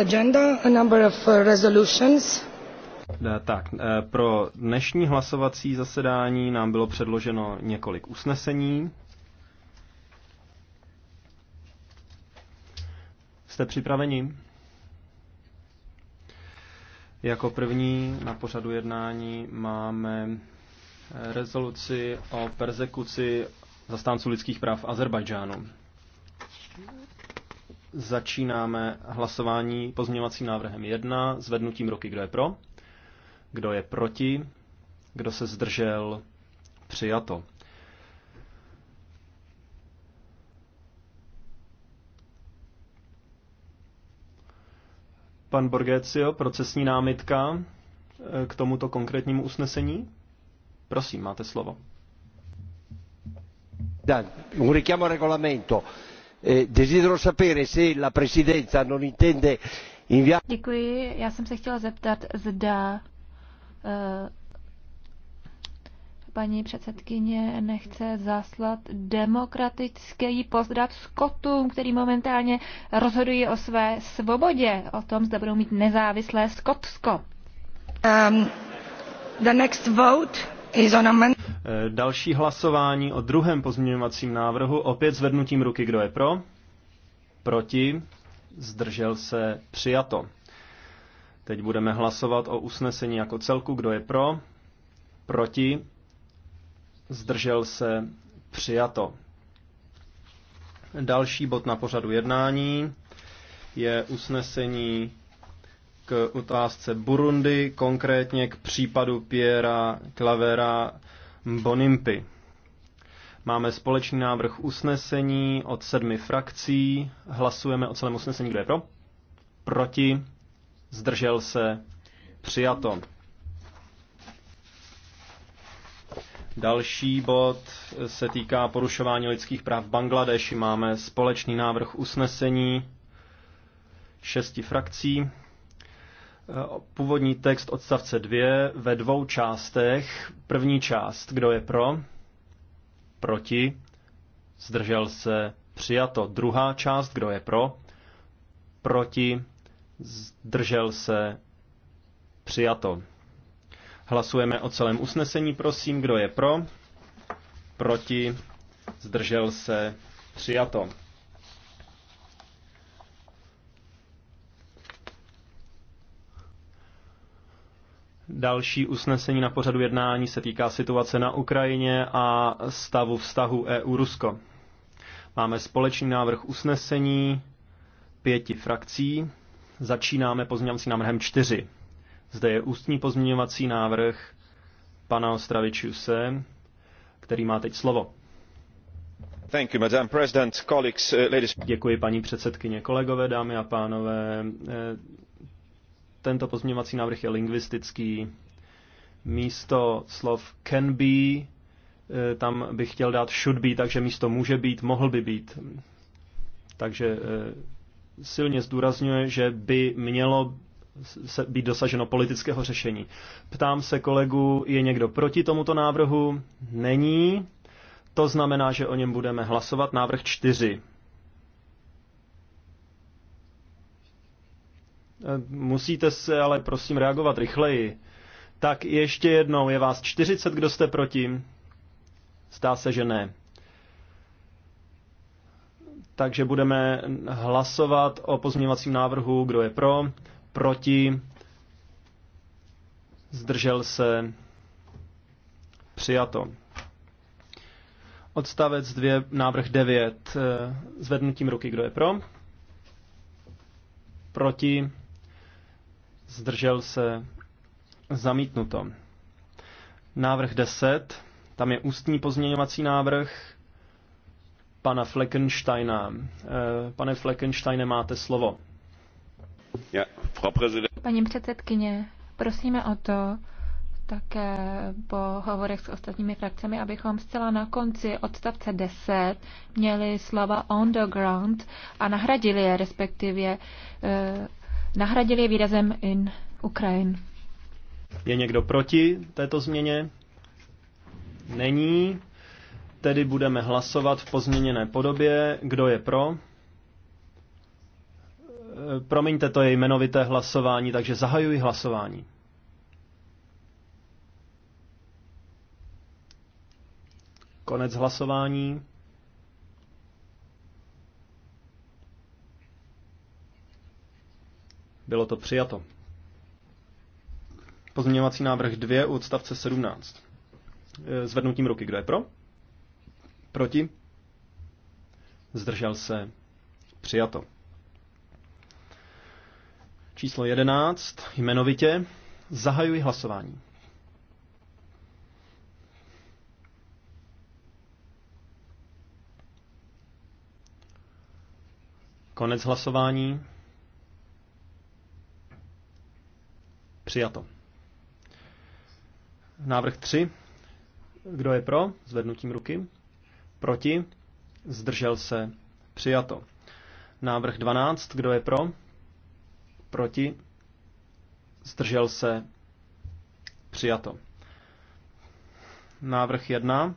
agenda, a uh, eh, Tak, eh, pro dnešní hlasovací zasedání nám bylo předloženo několik usnesení. Jste připraveni? Jako první na pořadu jednání máme eh, rezoluci o persekuci zastánců lidských práv v Azerbajdžánu. Začínáme hlasování pozměňovacím návrhem 1, zvednutím roky kdo je pro, kdo je proti, kdo se zdržel, přijato. Pan Borgecio, procesní námitka eh, k tomuto konkrétnímu usnesení? Prosím, máte slovo. Un richiamo al regolamento. Eh, desidero sapere se la presidenza non intende inviare. Děkuji, já jsem se chtěla zeptat, zda uh, paní předsedkyně nechce zaslat demokratický pozdrav Skotům, který momentálně rozhodují o své svobodě, o tom, zda budou mít nezávislé Skotsko. Um, the next vote is on a man- Eh, další hlasování o druhém pozměňovacím návrhu, opět zvednutím ruky, kdo je pro, proti, zdržel se, přijato. Teď budeme hlasovat o usnesení jako celku, kdo je pro, proti, zdržel se, přijato. Další bod na pořadu jednání je usnesení k otázce Burundi, konkrétně k případu Piera Clavera Bonimpy. Máme společný návrh usnesení od sedmi frakcí. Hlasujeme o celém usnesení. Kdo je pro? Proti? Zdržel se? Přijato. Další bod se týká porušování lidských práv v Bangladeši. Máme společný návrh usnesení šesti frakcí původní text odstavce 2 ve dvou částech. První část, kdo je pro, proti, zdržel se, přijato. Druhá část, kdo je pro, proti, zdržel se, přijato. Hlasujeme o celém usnesení, prosím, kdo je pro, proti, zdržel se, přijato. Další usnesení na pořadu jednání se týká situace na Ukrajině a stavu vztahu EU-Rusko. Máme společný návrh usnesení pěti frakcí. Začínáme pozměňovací návrhem čtyři. Zde je ústní pozměňovací návrh pana Ostravičuse, který má teď slovo. You, uh, Děkuji paní předsedkyně, kolegové, dámy a pánové. Eh, tento pozměňovací návrh je lingvistický. Místo slov can be, eh, tam bych chtěl dát should be, takže místo může být, mohl by být. Takže eh, silně zdůrazňuje, že by mělo se být dosaženo politického řešení. Ptám se kolegu, je někdo proti tomuto návrhu? Není. To znamená, že o něm budeme hlasovat. Návrh čtyři. Musíte se ale prosím reagovat rychleji. Tak ještě jednou, je vás 40, kdo jste proti? Zdá se, že ne. Takže budeme hlasovat o pozměňovacím návrhu, kdo je pro, proti, zdržel se, přijato. Odstavec 2, návrh 9, eh, zvednutím ruky, kdo je pro, proti, zdržel se, zamítnuto. Návrh 10, tam je ústní pozměňovací návrh pana Fleckensteina. Eh, pane Fleckensteine, máte slovo. Paní předsedkyně, prosíme o to, také po hovorech s ostatními frakcemi, abychom zcela na konci odstavce 10 měli slova on the ground a nahradili je respektive eh, Nahradili je výrazem in Ukrajin. Je někdo proti této změně? Není. Tedy budeme hlasovat v pozměněné podobě. Kdo je pro? E, promiňte, to je jmenovité hlasování, takže zahajuji hlasování. Konec hlasování. Bylo to přijato. Pozměňovací návrh 2 u odstavce 17. E, zvednutím ruky. Kdo je pro? Proti? Zdržel se. Přijato. Číslo 11. Jmenovitě. Zahajuji hlasování. Konec hlasování. Přijato. Návrh 3. Kdo je pro? Zvednutím ruky. Proti? Zdržel se. Přijato. Návrh 12. Kdo je pro? Proti? Zdržel se. Přijato. Návrh 1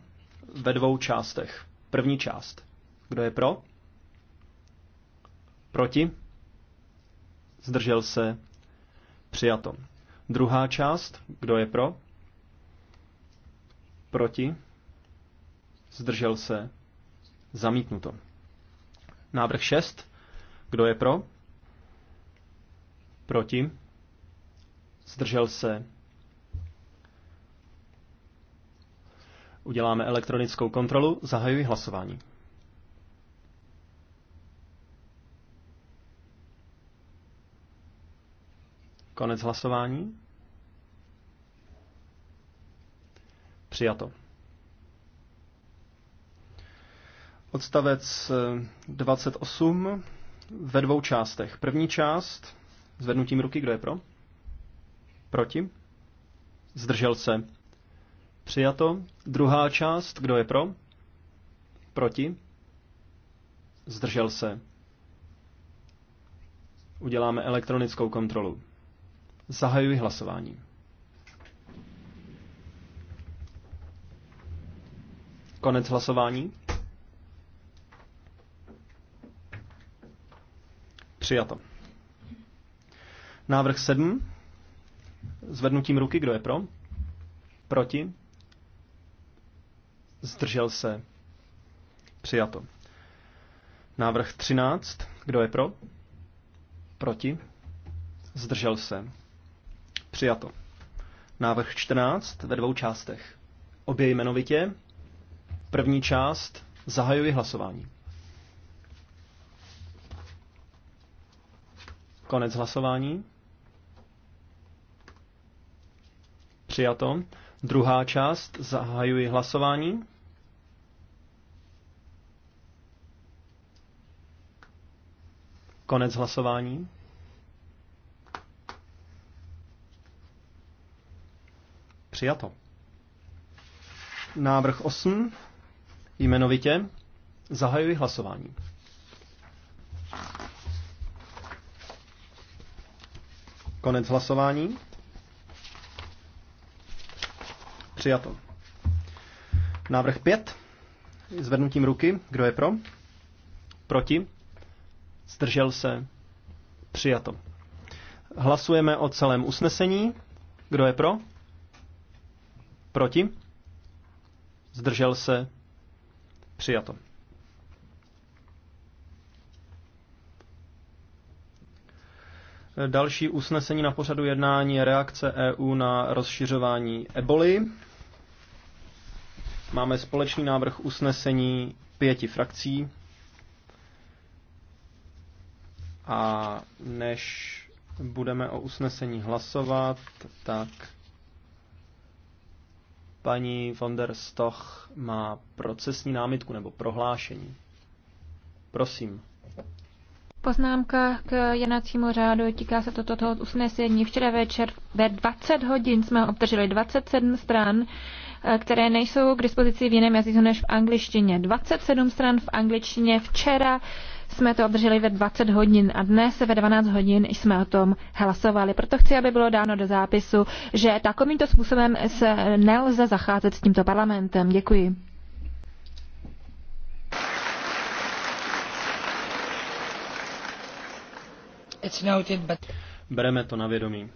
ve dvou částech. První část. Kdo je pro? Proti? Zdržel se. Přijato. Druhá část, kdo je pro? Proti? Zdržel se? Zamítnuto. Návrh 6. Kdo je pro? Proti? Zdržel se? Uděláme elektronickou kontrolu. Zahajuji hlasování. Konec hlasování. Přijato. Odstavec 28 eh, ve dvou částech. První část zvednutím ruky, kdo je pro? Proti? Zdržel se. Přijato. Druhá část, kdo je pro? Proti? Zdržel se. Uděláme elektronickou kontrolu. Zahajuji hlasování. Konec hlasování. Přijato. Návrh 7. Zvednutím ruky, kdo je pro? Proti? Zdržel se. Přijato. Návrh 13. Kdo je pro? Proti? Zdržel se. Přijato. Návrh 14 ve dvou částech. Obě jmenovitě. První část zahajuji hlasování. Konec hlasování. Přijato. Druhá část zahajuji hlasování. Konec hlasování. Přijato. Návrh 8. Jmenovitě. Zahajuji hlasování. Konec hlasování. Přijato. Návrh 5. Zvednutím ruky. Kdo je pro? Proti? Zdržel se? Přijato. Hlasujeme o celém usnesení. Kdo je pro? Proti? Zdržel se? Přijato. Další usnesení na pořadu jednání je reakce EU na rozšiřování eboli. Máme společný návrh usnesení pěti frakcí. A než budeme o usnesení hlasovat, tak Paní von der Stoch má procesní námitku nebo prohlášení. Prosím. Poznámka k jednacímu řádu týká se toto toho usnesení. Včera večer ve 20 hodin jsme obdrželi 27 stran, eh, které nejsou k dispozici v jiném jazyku než v angličtině. 27 stran v angličtině včera jsme to obdrželi ve 20 hodin a dnes ve 12 hodin jsme o tom hlasovali. Proto chci, aby bylo dáno do zápisu, že takovýmto způsobem se nelze zacházet s tímto parlamentem. Děkuji. It's noted, but... Bereme to na vědomí.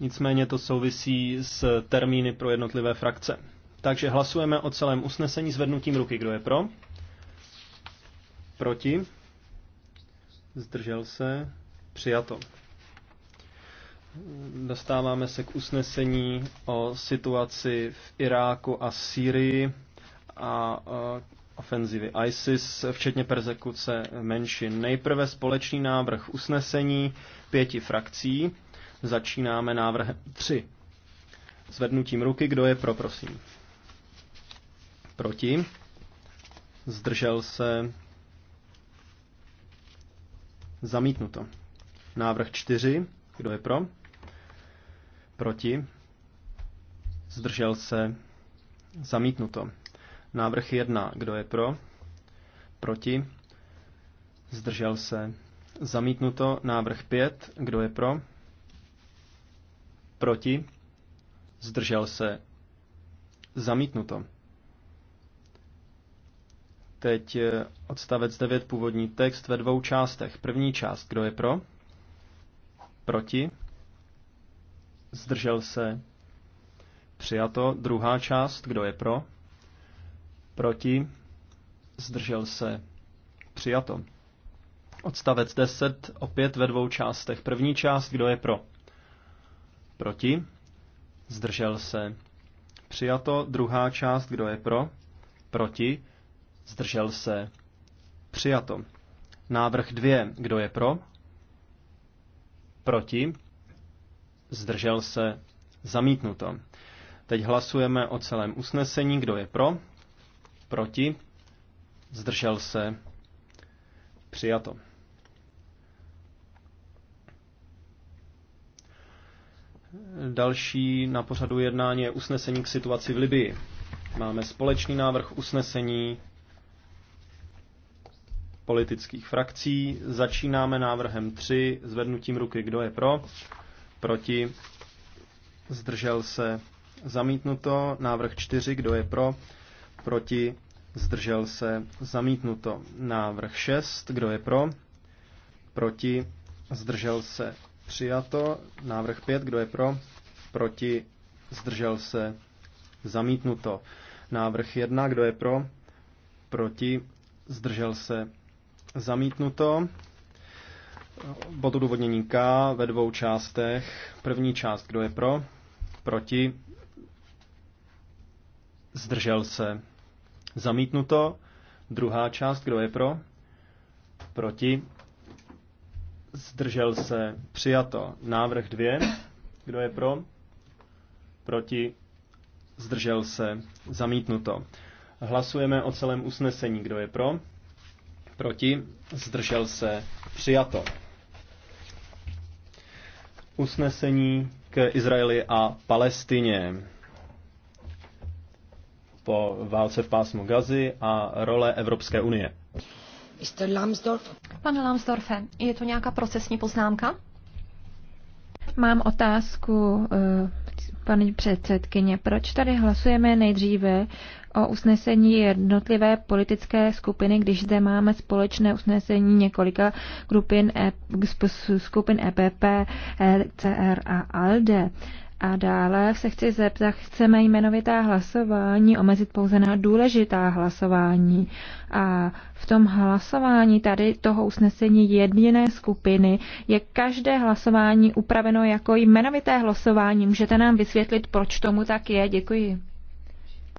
Nicméně to souvisí s termíny pro jednotlivé frakce. Takže hlasujeme o celém usnesení vednutím ruky. Kdo je pro? Proti? Zdržel se? Přijato. Dostáváme se k usnesení o situaci v Iráku a Sýrii a ofenzivy ISIS, včetně persekuce menšin. Nejprve společný návrh usnesení pěti frakcí. Začínáme návrhem tři. Zvednutím ruky, kdo je pro, prosím. Proti. Zdržel se. Zamítnuto. Návrh čtyři, Kdo je pro? Proti. Zdržel se. Zamítnuto. Návrh 1. Kdo je pro? Proti? Zdržel se. Zamítnuto. Návrh 5. Kdo je pro? Proti? Zdržel se. Zamítnuto. Teď eh, odstavec 9, původní text ve dvou částech. První část, kdo je pro? Proti? Zdržel se. Přijato. Druhá část, kdo je pro? Proti? Zdržel se. Přijato. Odstavec 10, opět ve dvou částech. První část, kdo je pro? Proti? Zdržel se. Přijato. Druhá část, kdo je pro? Proti? Zdržel se. Přijato. Návrh 2, kdo je pro? Proti? Zdržel se. Zamítnuto. Teď hlasujeme o celém usnesení, kdo je pro? Proti? Zdržel se? Přijato. Další na pořadu jednání je usnesení k situaci v Libii. Máme společný návrh usnesení politických frakcí. Začínáme návrhem 3, zvednutím ruky, kdo je pro, proti, zdržel se, zamítnuto. Návrh 4, kdo je pro, proti, zdržel se, zamítnuto. Návrh 6, kdo je pro, proti, zdržel se, přijato. Návrh 5, kdo je pro, proti, zdržel se, zamítnuto. Návrh 1, kdo je pro, proti, zdržel se, zamítnuto. Bod odůvodnění K ve dvou částech. První část, kdo je pro, proti, zdržel se, Zamítnuto. Druhá část, kdo je pro? Proti. Zdržel se. Přijato. Návrh dvě. Kdo je pro? Proti. Zdržel se. Zamítnuto. Hlasujeme o celém usnesení. Kdo je pro? Proti. Zdržel se. Přijato. Usnesení k Izraeli a Palestině po válce v pásmu Gazy a role Evropské unie. Pane Lambsdorffe, je to nějaká procesní poznámka? Mám otázku, eh, paní předsedkyně. Proč tady hlasujeme nejdříve o usnesení jednotlivé politické skupiny, když zde máme společné usnesení několika e- skupin EPP, e CR a ALDE? A dále se chci zeptat, chceme jmenovitá hlasování omezit pouze na důležitá hlasování. A v tom hlasování tady toho usnesení jediné skupiny je každé hlasování upraveno jako jmenovité hlasování. Můžete nám vysvětlit, proč tomu tak je? Děkuji.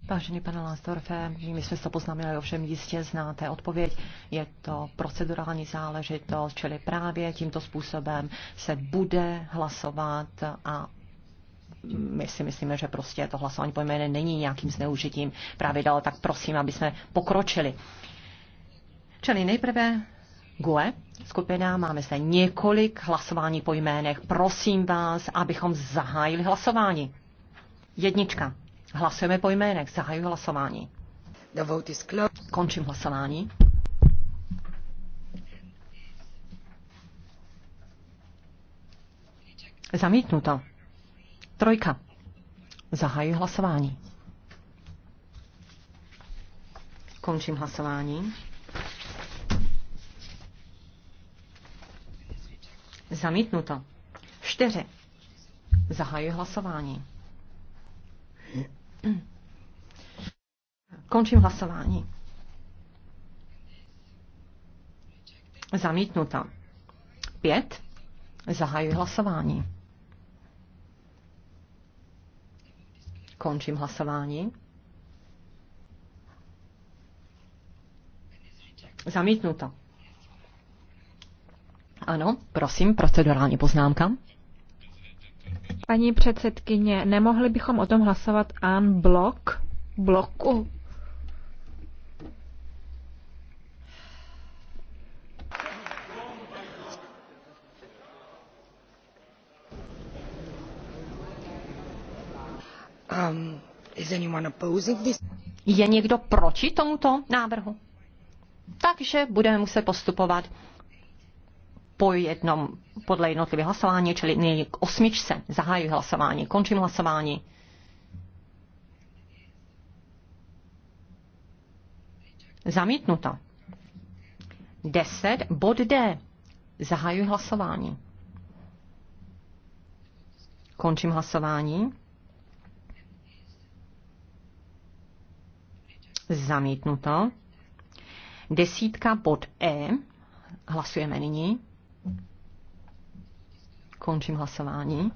Vážený pane Lansdorfe, my jsme to poznamenali, ovšem jistě znáte odpověď. Je to procedurální záležitost, čili právě tímto způsobem se bude hlasovat a my si myslíme, že prostě to hlasování po jméne není nějakým zneužitím pravidel, tak prosím, aby jsme pokročili. Čili nejprve GUE skupina, máme zde několik hlasování po jménech. Prosím vás, abychom zahájili hlasování. Jednička. Hlasujeme po jménech. Zahajuji hlasování. The vote is closed. Končím hlasování. Zamítnuto. Trojka. Zahajuji hlasování. Končím hlasování. Zamítnuto. Čtyři. Zahajuji hlasování. Končím hlasování. Zamítnuto. Pět. Zahajuji hlasování. Končím hlasování. Zamítnuto. Ano, prosím, procedurální poznámka. Paní předsedkyně, nemohli bychom o tom hlasovat an blok? Bloku? Um, Je někdo proti tomuto návrhu? Takže budeme muset postupovat po jednom, podle jednotlivých hlasování, čili nyní k osmičce. Zahájuji hlasování, končím hlasování. Zamítnuto. 10. Bod D. Zahájuji hlasování. Končím hlasování. Zamítnuto. Desítka pod E. Hlasujeme nyní. Končím hlasování.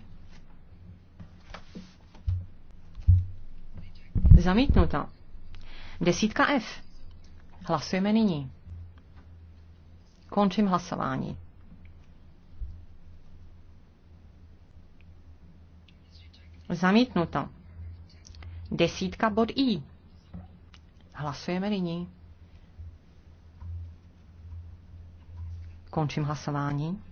Zamítnuto. Desítka F. Hlasujeme nyní. Končím hlasování. Zamítnuto. Desítka bod I. Hlasujeme nyní. Končím hlasování.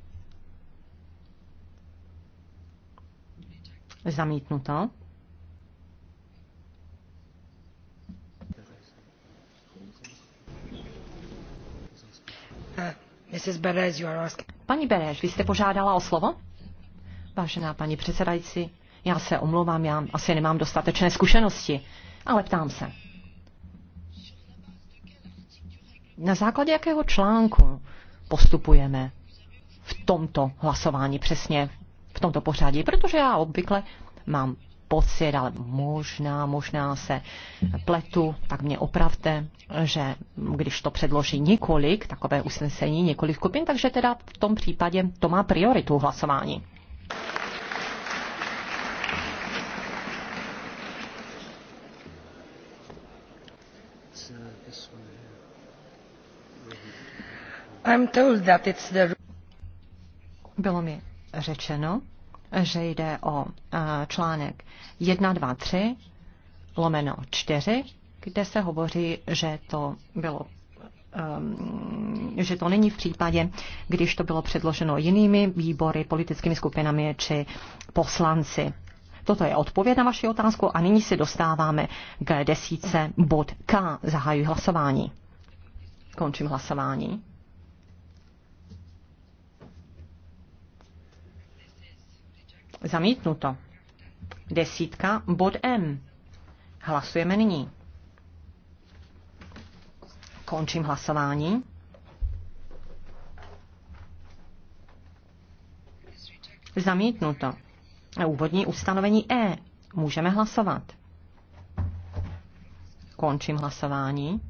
Zamítnuto. Uh, paní Bereš, vy jste požádala o slovo? Vážená paní předsedající, já se omlouvám, já asi nemám dostatečné zkušenosti, ale ptám se. na základě jakého článku postupujeme v tomto hlasování přesně, v tomto pořadí, protože já obvykle mám pocit, ale možná, možná se pletu, tak mě opravte, že když to předloží několik, takové usnesení, několik skupin, takže teda v tom případě to má prioritu hlasování. Bylo mi řečeno, že jde o článek 1, 2, 3, lomeno 4, kde se hovoří, že to bylo um, že to není v případě, když to bylo předloženo jinými výbory, politickými skupinami či poslanci. Toto je odpověď na vaši otázku a nyní se dostáváme k desíce bod K. Zahajuji hlasování. Končím hlasování. Zamítnuto. Desítka, bod M. Hlasujeme nyní. Končím hlasování. Zamítnuto. Úvodní ustanovení E. Můžeme hlasovat. Končím hlasování.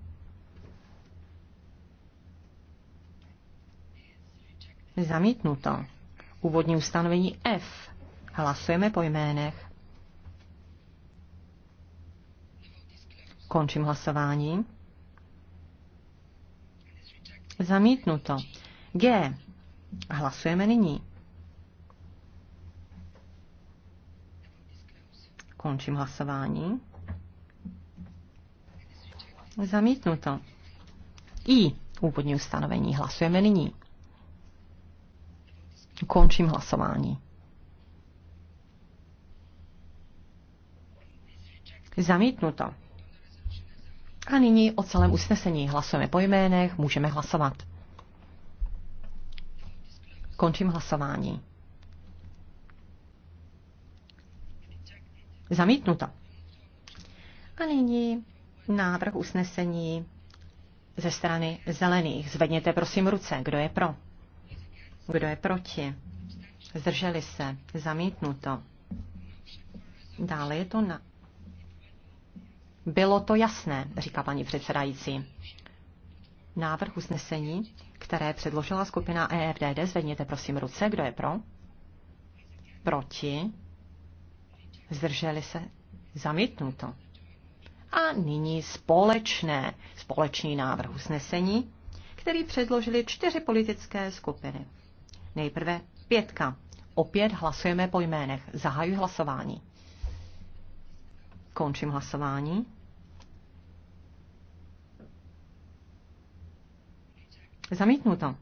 Zamítnuto. Úvodní ustanovení F. Hlasujeme po jménech. Končím hlasování. Zamítnuto. G. Hlasujeme nyní. Končím hlasování. Zamítnuto. I. Úvodní ustanovení. Hlasujeme nyní. Končím hlasování. Zamítnuto. A nyní o celém usnesení hlasujeme po jménech, můžeme hlasovat. Končím hlasování. Zamítnuto. A nyní návrh usnesení ze strany zelených. Zvedněte prosím ruce, kdo je pro. Kdo je proti? Zdrželi se. Zamítnuto. Dále je to na... Bylo to jasné, říká paní předsedající. Návrh usnesení, které předložila skupina EFDD, zvedněte prosím ruce. Kdo je pro? Proti? Zdrželi se? Zamítnuto. A nyní společné, společný návrh usnesení, který předložili čtyři politické skupiny. Nejprve pětka. Opět hlasujeme po jménech. Zahajuji hlasování. Končím hlasování. Zamítnuto.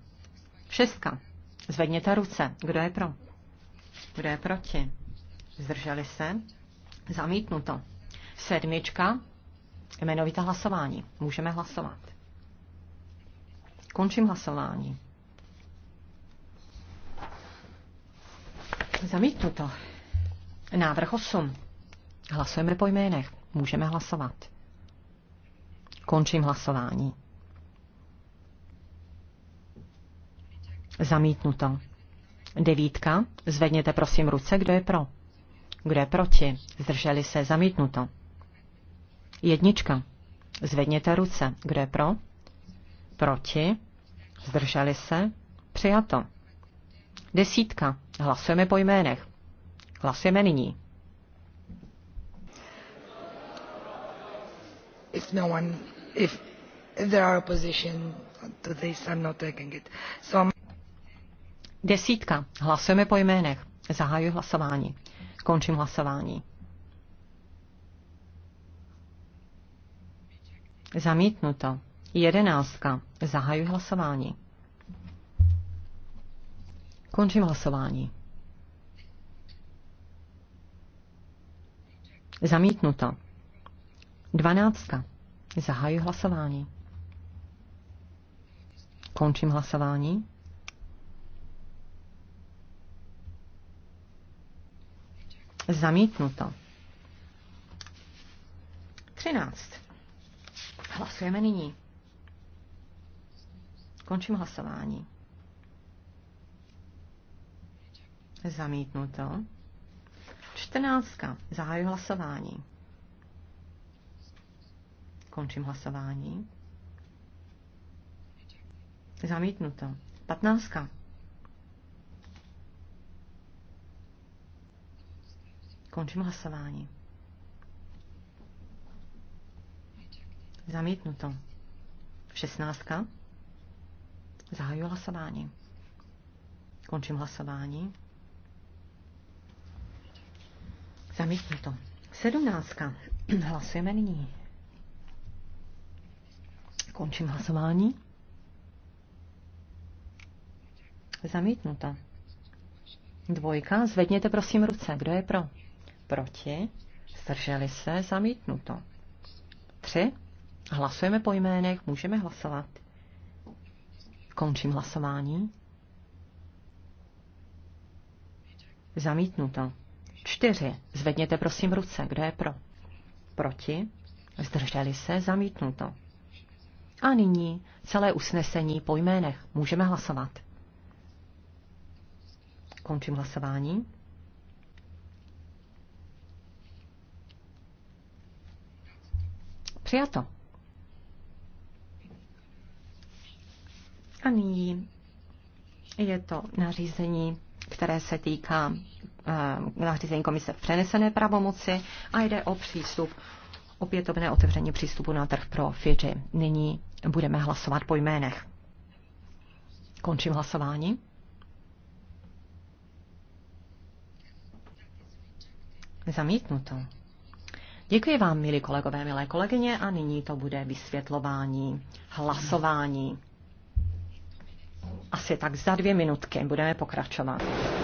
Šestka. Zvedněte ruce. Kdo je pro? Kdo je proti? Zdrželi se? Zamítnuto. Sedmička. Jmenovité hlasování. Můžeme hlasovat. Končím hlasování. Zamítnuto. Návrh 8. Hlasujeme po jménech. Můžeme hlasovat. Končím hlasování. Zamítnuto. Devítka. Zvedněte prosím ruce, kdo je pro. Kdo je proti? Zdrželi se. Zamítnuto. Jednička. Zvedněte ruce. Kdo je pro? Proti. Zdrželi se. Přijato. Desítka. Hlasujeme po jménech. Hlasujeme nyní. If no one, if, if there are opposition to this, I'm not taking it. So I'm... Desítka. Hlasujeme po jménech. Zahajuji hlasování. Končím hlasování. Zamítnuto. Jedenáctka. Zahajuji hlasování. Končím hlasování. Zamítnuto. Dvanáctka. Zahajuji hlasování. Končím hlasování. Zamítnuto. Třináct. Hlasujeme nyní. Končím hlasování. Zamítnuto. Čtrnáctka. Zahaju hlasování. Končím hlasování. Zamítnuto. Patnáctka. Končím hlasování. Zamítnuto. Šestnáctka. Zahaju hlasování. Končím hlasování. to. Sedmnáctka. Hlasujeme nyní. Končím hlasování. Zamítnuto. Dvojka. Zvedněte prosím ruce. Kdo je pro? Proti. Zdrželi se. Zamítnuto. Tři. Hlasujeme po jménech. Můžeme hlasovat. Končím hlasování. Zamítnuto. 4. Zvedněte prosím ruce. Kdo je pro? Proti? Zdrželi se? Zamítnuto. A nyní celé usnesení po jménech. Můžeme hlasovat. Končím hlasování. Přijato. A nyní je to nařízení, které se týká Eh, nařízení komise v přenesené pravomoci a jde o přístup opětovné otevření přístupu na trh pro Fiji. Nyní budeme hlasovat po jménech. Končím hlasování. Zamítnuto. Děkuji vám, milí kolegové, milé kolegyně, a nyní to bude vysvětlování, hlasování. Asi tak za dvě minutky budeme pokračovat.